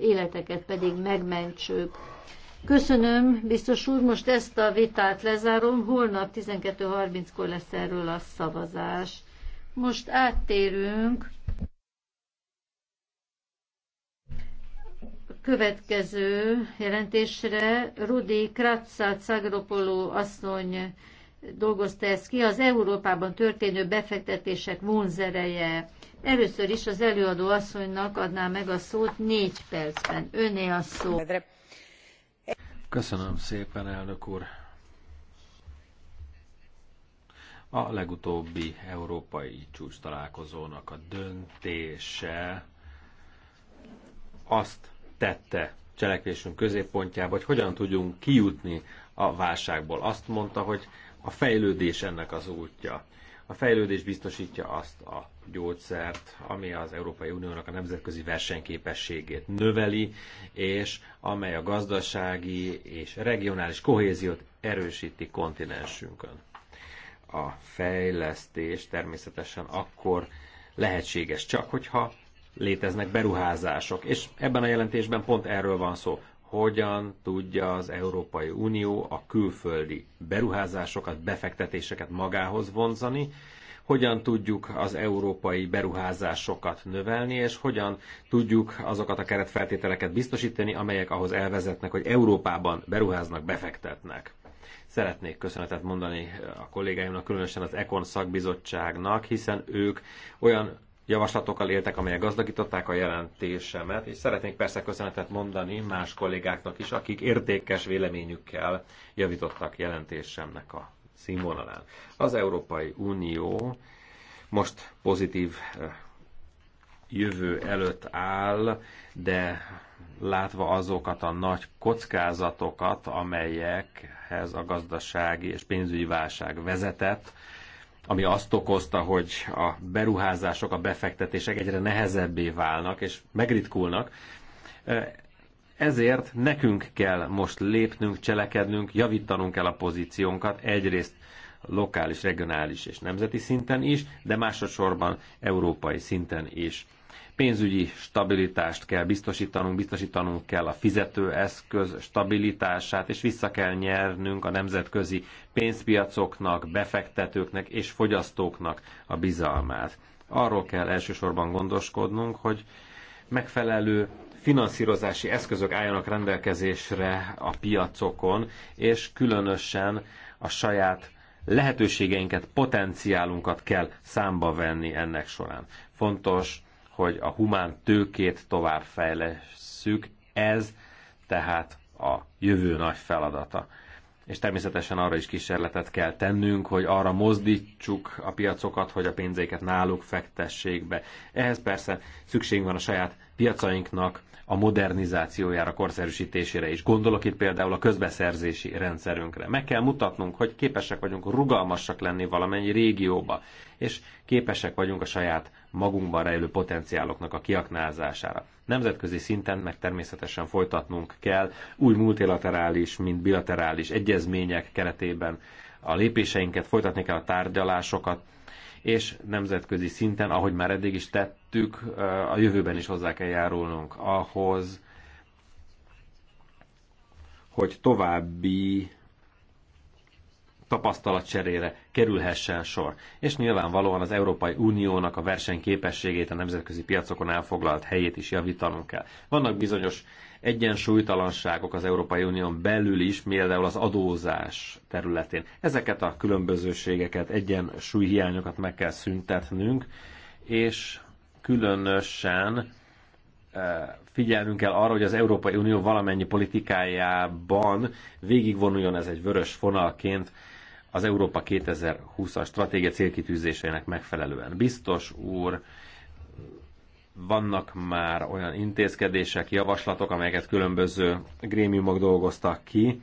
életeket pedig megmentsük. Köszönöm, biztos úr, most ezt a vitát lezárom, holnap 12.30-kor lesz erről a szavazás. Most áttérünk a következő jelentésre Rudi Kratzát Szagropoló asszony dolgozta ezt ki, az Európában történő befektetések vonzereje. Először is az előadó asszonynak adná meg a szót négy percben. Öné a szó. Köszönöm szépen, elnök úr. A legutóbbi európai csúcs találkozónak a döntése azt tette cselekvésünk középpontjába, hogy hogyan tudjunk kijutni a válságból. Azt mondta, hogy a fejlődés ennek az útja. A fejlődés biztosítja azt a gyógyszert, ami az Európai Uniónak a nemzetközi versenyképességét növeli, és amely a gazdasági és regionális kohéziót erősíti kontinensünkön. A fejlesztés természetesen akkor lehetséges csak, hogyha léteznek beruházások, és ebben a jelentésben pont erről van szó hogyan tudja az Európai Unió a külföldi beruházásokat, befektetéseket magához vonzani, hogyan tudjuk az európai beruházásokat növelni, és hogyan tudjuk azokat a keretfeltételeket biztosítani, amelyek ahhoz elvezetnek, hogy Európában beruháznak, befektetnek. Szeretnék köszönetet mondani a kollégáimnak, különösen az Ekon szakbizottságnak, hiszen ők olyan javaslatokkal éltek, amelyek gazdagították a jelentésemet, és szeretnék persze köszönetet mondani más kollégáknak is, akik értékes véleményükkel javítottak jelentésemnek a színvonalán. Az Európai Unió most pozitív jövő előtt áll, de látva azokat a nagy kockázatokat, amelyekhez a gazdasági és pénzügyi válság vezetett, ami azt okozta, hogy a beruházások, a befektetések egyre nehezebbé válnak és megritkulnak. Ezért nekünk kell most lépnünk, cselekednünk, javítanunk kell a pozíciónkat egyrészt lokális, regionális és nemzeti szinten is, de másodszorban európai szinten is. Pénzügyi stabilitást kell biztosítanunk, biztosítanunk kell a fizetőeszköz stabilitását, és vissza kell nyernünk a nemzetközi pénzpiacoknak, befektetőknek és fogyasztóknak a bizalmát. Arról kell elsősorban gondoskodnunk, hogy megfelelő finanszírozási eszközök álljanak rendelkezésre a piacokon, és különösen a saját lehetőségeinket, potenciálunkat kell számba venni ennek során. Fontos hogy a humán tőkét tovább fejlesszük. Ez tehát a jövő nagy feladata. És természetesen arra is kísérletet kell tennünk, hogy arra mozdítsuk a piacokat, hogy a pénzéket náluk fektessék be. Ehhez persze szükség van a saját piacainknak a modernizációjára, korszerűsítésére is. Gondolok itt például a közbeszerzési rendszerünkre. Meg kell mutatnunk, hogy képesek vagyunk rugalmasak lenni valamennyi régióba, és képesek vagyunk a saját magunkban rejlő potenciáloknak a kiaknázására. Nemzetközi szinten meg természetesen folytatnunk kell új multilaterális, mint bilaterális egyezmények keretében a lépéseinket, folytatni kell a tárgyalásokat, és nemzetközi szinten, ahogy már eddig is tettük, a jövőben is hozzá kell járulnunk ahhoz, hogy további tapasztalatcserére kerülhessen sor. És nyilvánvalóan az Európai Uniónak a versenyképességét, a nemzetközi piacokon elfoglalt helyét is javítanunk kell. Vannak bizonyos egyensúlytalanságok az Európai Unión belül is, például az adózás területén. Ezeket a különbözőségeket, egyensúlyhiányokat meg kell szüntetnünk, és különösen eh, figyelnünk kell arra, hogy az Európai Unió valamennyi politikájában végigvonuljon ez egy vörös fonalként az Európa 2020-as stratégia célkitűzéseinek megfelelően. Biztos úr, vannak már olyan intézkedések, javaslatok, amelyeket különböző grémiumok dolgoztak ki.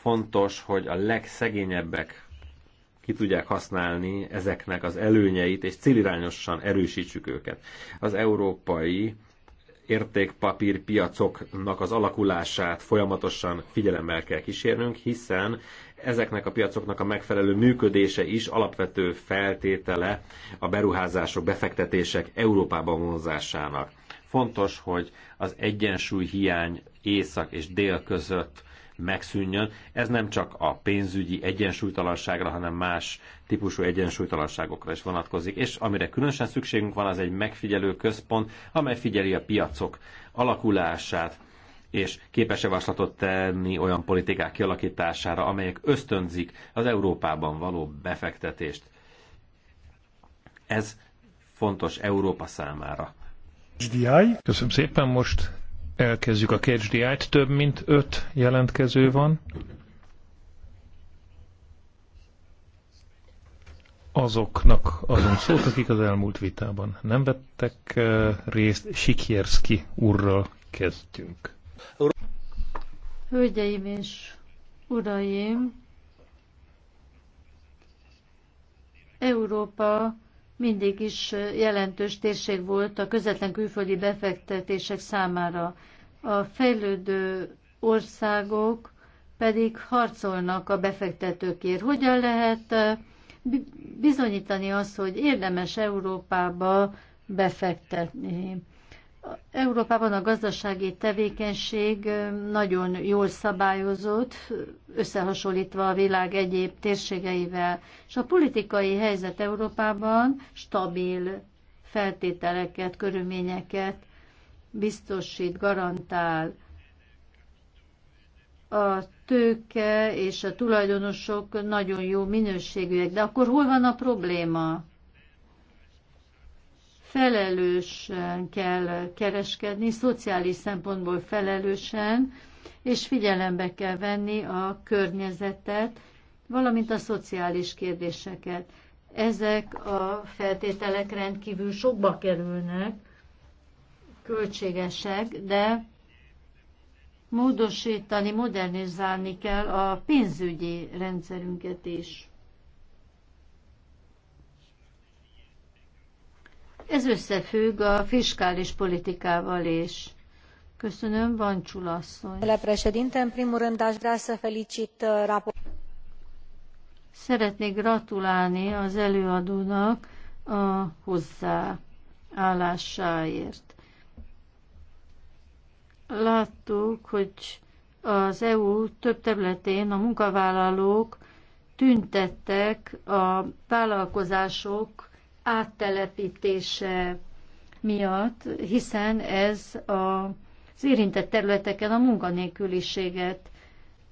Fontos, hogy a legszegényebbek ki tudják használni ezeknek az előnyeit, és célirányosan erősítsük őket. Az európai értékpapírpiacoknak az alakulását folyamatosan figyelemmel kell kísérnünk, hiszen ezeknek a piacoknak a megfelelő működése is alapvető feltétele a beruházások, befektetések Európában vonzásának. Fontos, hogy az egyensúly hiány észak és dél között megszűnjön. Ez nem csak a pénzügyi egyensúlytalanságra, hanem más típusú egyensúlytalanságokra is vonatkozik. És amire különösen szükségünk van, az egy megfigyelő központ, amely figyeli a piacok alakulását, és képes javaslatot tenni olyan politikák kialakítására, amelyek ösztönzik az Európában való befektetést. Ez fontos Európa számára. Köszönöm szépen, most elkezdjük a KHDI-t. Több mint öt jelentkező van. azoknak azon szót, akik az elmúlt vitában nem vettek eh, részt. Sikierszki úrral kezdtünk. Hölgyeim és uraim, Európa mindig is jelentős térség volt a közvetlen külföldi befektetések számára. A fejlődő országok pedig harcolnak a befektetőkért. Hogyan lehet eh, bizonyítani azt, hogy érdemes Európába befektetni? Európában a gazdasági tevékenység nagyon jól szabályozott, összehasonlítva a világ egyéb térségeivel, és a politikai helyzet Európában stabil feltételeket, körülményeket biztosít, garantál. A tőke és a tulajdonosok nagyon jó minőségűek, de akkor hol van a probléma? felelősen kell kereskedni, szociális szempontból felelősen, és figyelembe kell venni a környezetet, valamint a szociális kérdéseket. Ezek a feltételek rendkívül sokba kerülnek, költségesek, de módosítani, modernizálni kell a pénzügyi rendszerünket is. Ez összefügg a fiskális politikával is. Köszönöm, van csulasszony. primul uh, Szeretnék gratulálni az előadónak a hozzáállásáért. Láttuk, hogy az EU több területén a munkavállalók tüntettek a vállalkozások áttelepítése miatt, hiszen ez a, az érintett területeken a munkanélküliséget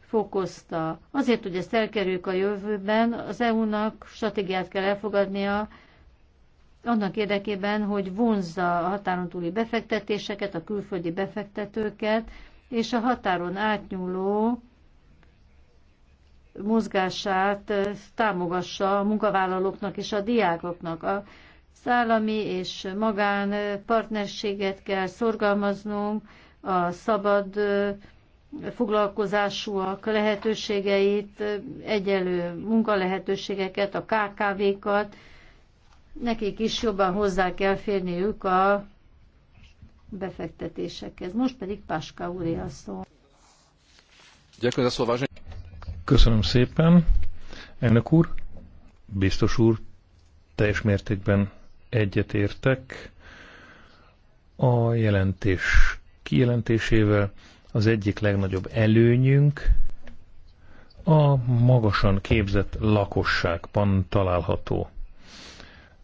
fokozta. Azért, hogy ezt elkerüljük a jövőben, az EU-nak stratégiát kell elfogadnia annak érdekében, hogy vonzza a határon túli befektetéseket, a külföldi befektetőket, és a határon átnyúló mozgását támogassa a munkavállalóknak és a diákoknak. A szállami és magán partnerséget kell szorgalmaznunk, a szabad foglalkozásúak lehetőségeit, egyelő munkalehetőségeket, a KKV-kat, nekik is jobban hozzá kell férniük a befektetésekhez. Most pedig Páska úr a szó. Ďakujem za slovo, Köszönöm szépen. Elnök úr, biztos úr, teljes mértékben egyetértek a jelentés kijelentésével. Az egyik legnagyobb előnyünk a magasan képzett lakosságban található.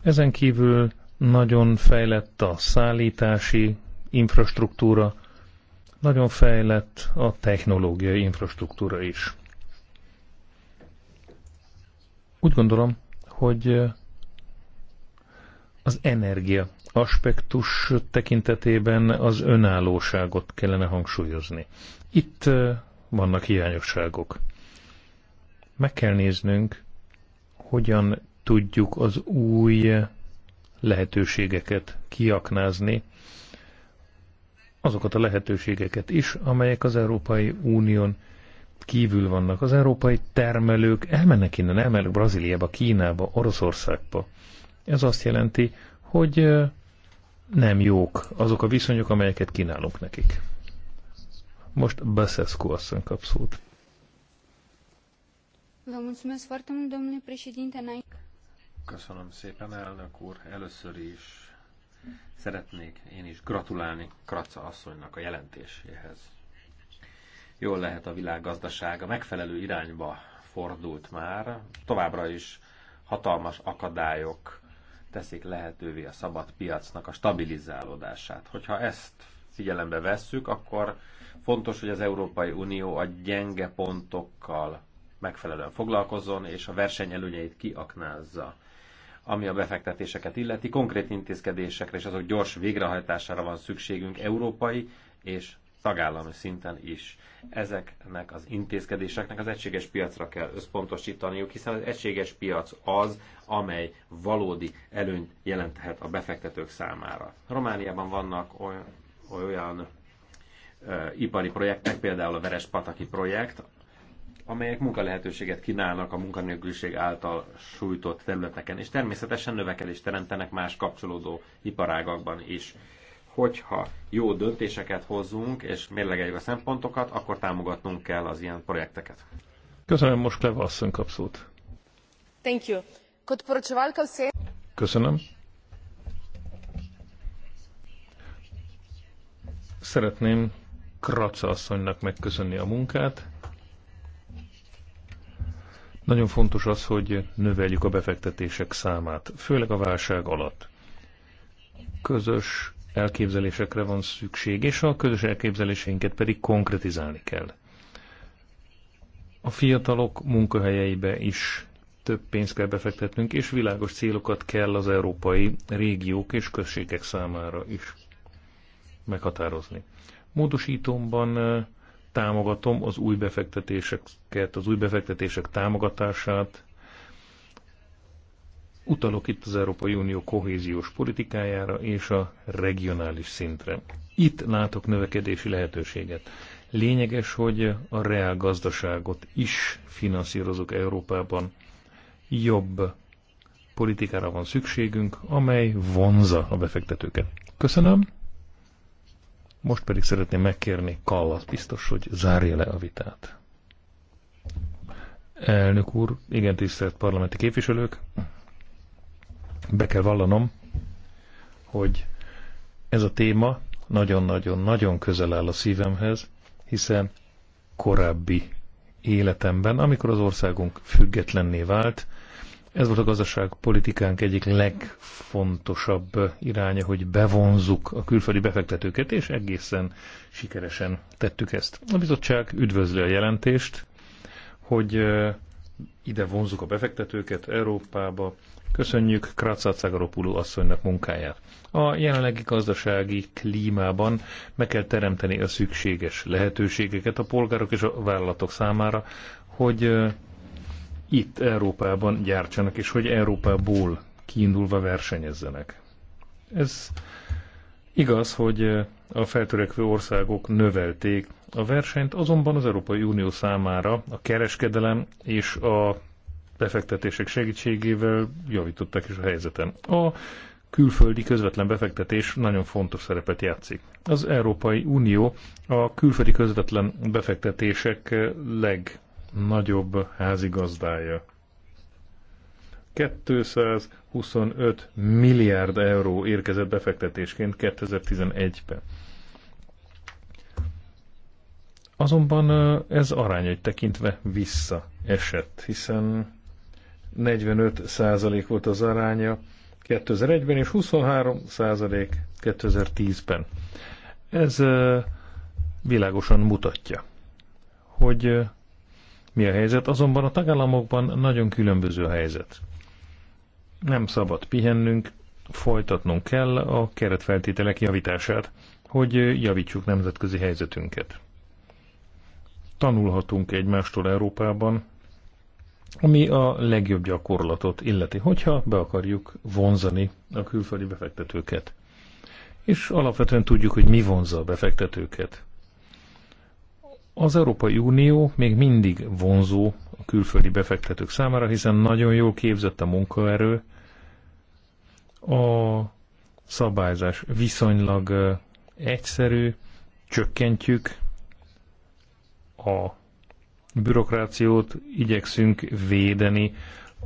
Ezen kívül nagyon fejlett a szállítási infrastruktúra, nagyon fejlett a technológiai infrastruktúra is. Úgy gondolom, hogy az energia aspektus tekintetében az önállóságot kellene hangsúlyozni. Itt vannak hiányosságok. Meg kell néznünk, hogyan tudjuk az új lehetőségeket kiaknázni, azokat a lehetőségeket is, amelyek az Európai Unión kívül vannak. Az európai termelők elmennek innen, elmennek Brazíliába, Kínába, Oroszországba. Ez azt jelenti, hogy nem jók azok a viszonyok, amelyeket kínálunk nekik. Most Basescu asszony kap szót. Köszönöm szépen, elnök úr. Először is szeretnék én is gratulálni Kraca asszonynak a jelentéséhez. Jól lehet a világgazdasága megfelelő irányba fordult már, továbbra is hatalmas akadályok teszik lehetővé a szabad piacnak a stabilizálódását. Hogyha ezt figyelembe vesszük, akkor fontos, hogy az Európai Unió a gyenge pontokkal megfelelően foglalkozzon, és a verseny előnyeit kiaknázza. Ami a befektetéseket illeti, konkrét intézkedésekre és azok gyors végrehajtására van szükségünk európai és tagállami szinten is. Ezeknek az intézkedéseknek az egységes piacra kell összpontosítaniuk, hiszen az egységes piac az, amely valódi előnyt jelenthet a befektetők számára. Romániában vannak olyan, olyan ö, ipari projektek, például a Verespataki projekt, amelyek munkalehetőséget kínálnak a munkanélküliség által sújtott területeken, és természetesen növekedést teremtenek más kapcsolódó iparágakban is hogyha jó döntéseket hozzunk és mérlegeljük a szempontokat, akkor támogatnunk kell az ilyen projekteket. Köszönöm, most Kleva asszony kapszót. Thank you. Köszönöm. Szeretném Kraca asszonynak megköszönni a munkát. Nagyon fontos az, hogy növeljük a befektetések számát, főleg a válság alatt. Közös elképzelésekre van szükség, és a közös elképzeléseinket pedig konkretizálni kell. A fiatalok munkahelyeibe is több pénzt kell befektetnünk, és világos célokat kell az európai régiók és községek számára is meghatározni. Módosítomban támogatom az új befektetéseket, az új befektetések támogatását, Utalok itt az Európai Unió kohéziós politikájára és a regionális szintre. Itt látok növekedési lehetőséget. Lényeges, hogy a reál gazdaságot is finanszírozok Európában. Jobb politikára van szükségünk, amely vonza a befektetőket. Köszönöm. Most pedig szeretném megkérni Kallas biztos, hogy zárja le a vitát. Elnök úr, igen tisztelt parlamenti képviselők, be kell vallanom, hogy ez a téma nagyon-nagyon-nagyon közel áll a szívemhez, hiszen korábbi életemben, amikor az országunk függetlenné vált, ez volt a gazdaságpolitikánk egyik legfontosabb iránya, hogy bevonzuk a külföldi befektetőket, és egészen sikeresen tettük ezt. A bizottság üdvözli a jelentést, hogy ide vonzuk a befektetőket Európába. Köszönjük Krácát Szagaropulú asszonynak munkáját. A jelenlegi gazdasági klímában meg kell teremteni a szükséges lehetőségeket a polgárok és a vállalatok számára, hogy itt Európában gyártsanak, és hogy Európából kiindulva versenyezzenek. Ez igaz, hogy a feltörekvő országok növelték a versenyt azonban az Európai Unió számára a kereskedelem és a befektetések segítségével javították is a helyzeten. A külföldi közvetlen befektetés nagyon fontos szerepet játszik. Az Európai Unió a külföldi közvetlen befektetések legnagyobb házigazdája. 225 milliárd euró érkezett befektetésként 2011-ben. Azonban ez arányait tekintve visszaesett, hiszen 45% volt az aránya 2001-ben, és 23% 2010-ben. Ez világosan mutatja, hogy mi a helyzet, azonban a tagállamokban nagyon különböző a helyzet. Nem szabad pihennünk, folytatnunk kell a keretfeltételek javítását, hogy javítsuk nemzetközi helyzetünket tanulhatunk egymástól Európában, ami a legjobb gyakorlatot illeti, hogyha be akarjuk vonzani a külföldi befektetőket. És alapvetően tudjuk, hogy mi vonzza a befektetőket. Az Európai Unió még mindig vonzó a külföldi befektetők számára, hiszen nagyon jól képzett a munkaerő, a szabályzás viszonylag egyszerű, csökkentjük a bürokrációt, igyekszünk védeni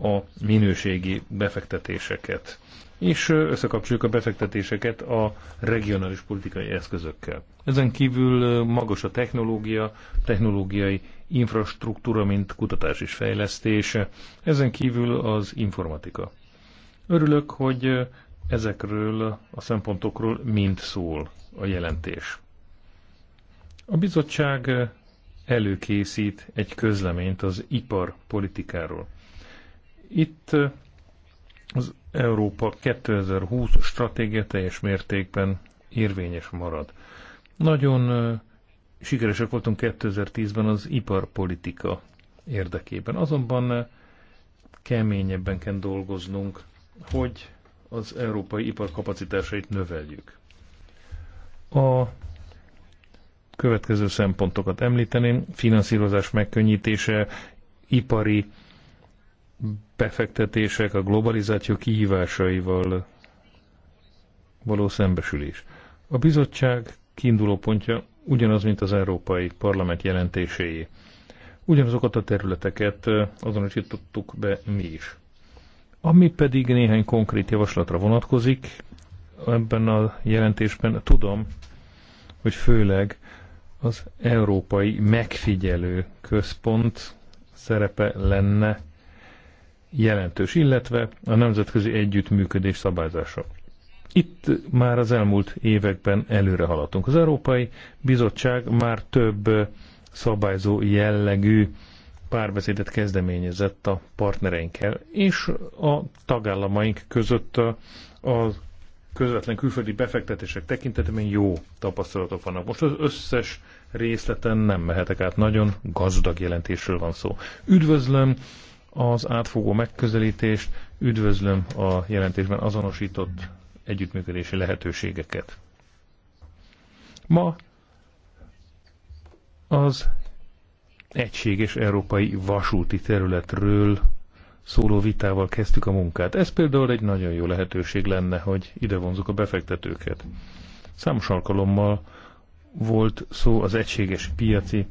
a minőségi befektetéseket. És összekapcsoljuk a befektetéseket a regionális politikai eszközökkel. Ezen kívül magas a technológia, technológiai infrastruktúra, mint kutatás és fejlesztés, ezen kívül az informatika. Örülök, hogy ezekről a szempontokról mind szól a jelentés. A bizottság előkészít egy közleményt az iparpolitikáról. Itt az Európa 2020 stratégia teljes mértékben érvényes marad. Nagyon sikeresek voltunk 2010-ben az iparpolitika érdekében. Azonban keményebben kell dolgoznunk, hogy az európai iparkapacitásait növeljük. A következő szempontokat említeném. Finanszírozás megkönnyítése, ipari befektetések, a globalizáció kihívásaival való szembesülés. A bizottság kiinduló pontja ugyanaz, mint az Európai Parlament jelentéséjé. Ugyanazokat a területeket azonosítottuk be mi is. Ami pedig néhány konkrét javaslatra vonatkozik, ebben a jelentésben tudom, hogy főleg az Európai Megfigyelő Központ szerepe lenne jelentős, illetve a nemzetközi együttműködés szabályzása. Itt már az elmúlt években előre haladtunk. Az Európai Bizottság már több szabályzó jellegű párbeszédet kezdeményezett a partnereinkkel, és a tagállamaink között az közvetlen külföldi befektetések tekintetében jó tapasztalatok vannak. Most az összes részleten nem mehetek át, nagyon gazdag jelentésről van szó. Üdvözlöm az átfogó megközelítést, üdvözlöm a jelentésben azonosított együttműködési lehetőségeket. Ma az egységes európai vasúti területről szóló vitával kezdtük a munkát. Ez például egy nagyon jó lehetőség lenne, hogy ide vonzuk a befektetőket. Számos alkalommal volt szó az egységes piaci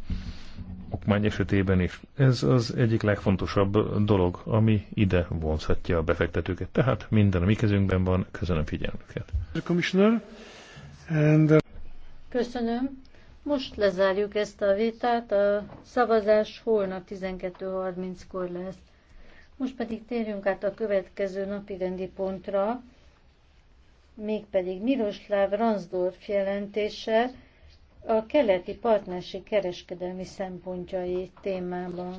okmány esetében is. Ez az egyik legfontosabb dolog, ami ide vonzhatja a befektetőket. Tehát minden a mi kezünkben van. Köszönöm figyelmüket. Uh, köszönöm. Most lezárjuk ezt a vitát. A szavazás holnap 12.30-kor lesz. Most pedig térjünk át a következő napirendi pontra, mégpedig Miroslav Ransdorf jelentése a keleti partnerség kereskedelmi szempontjai témában.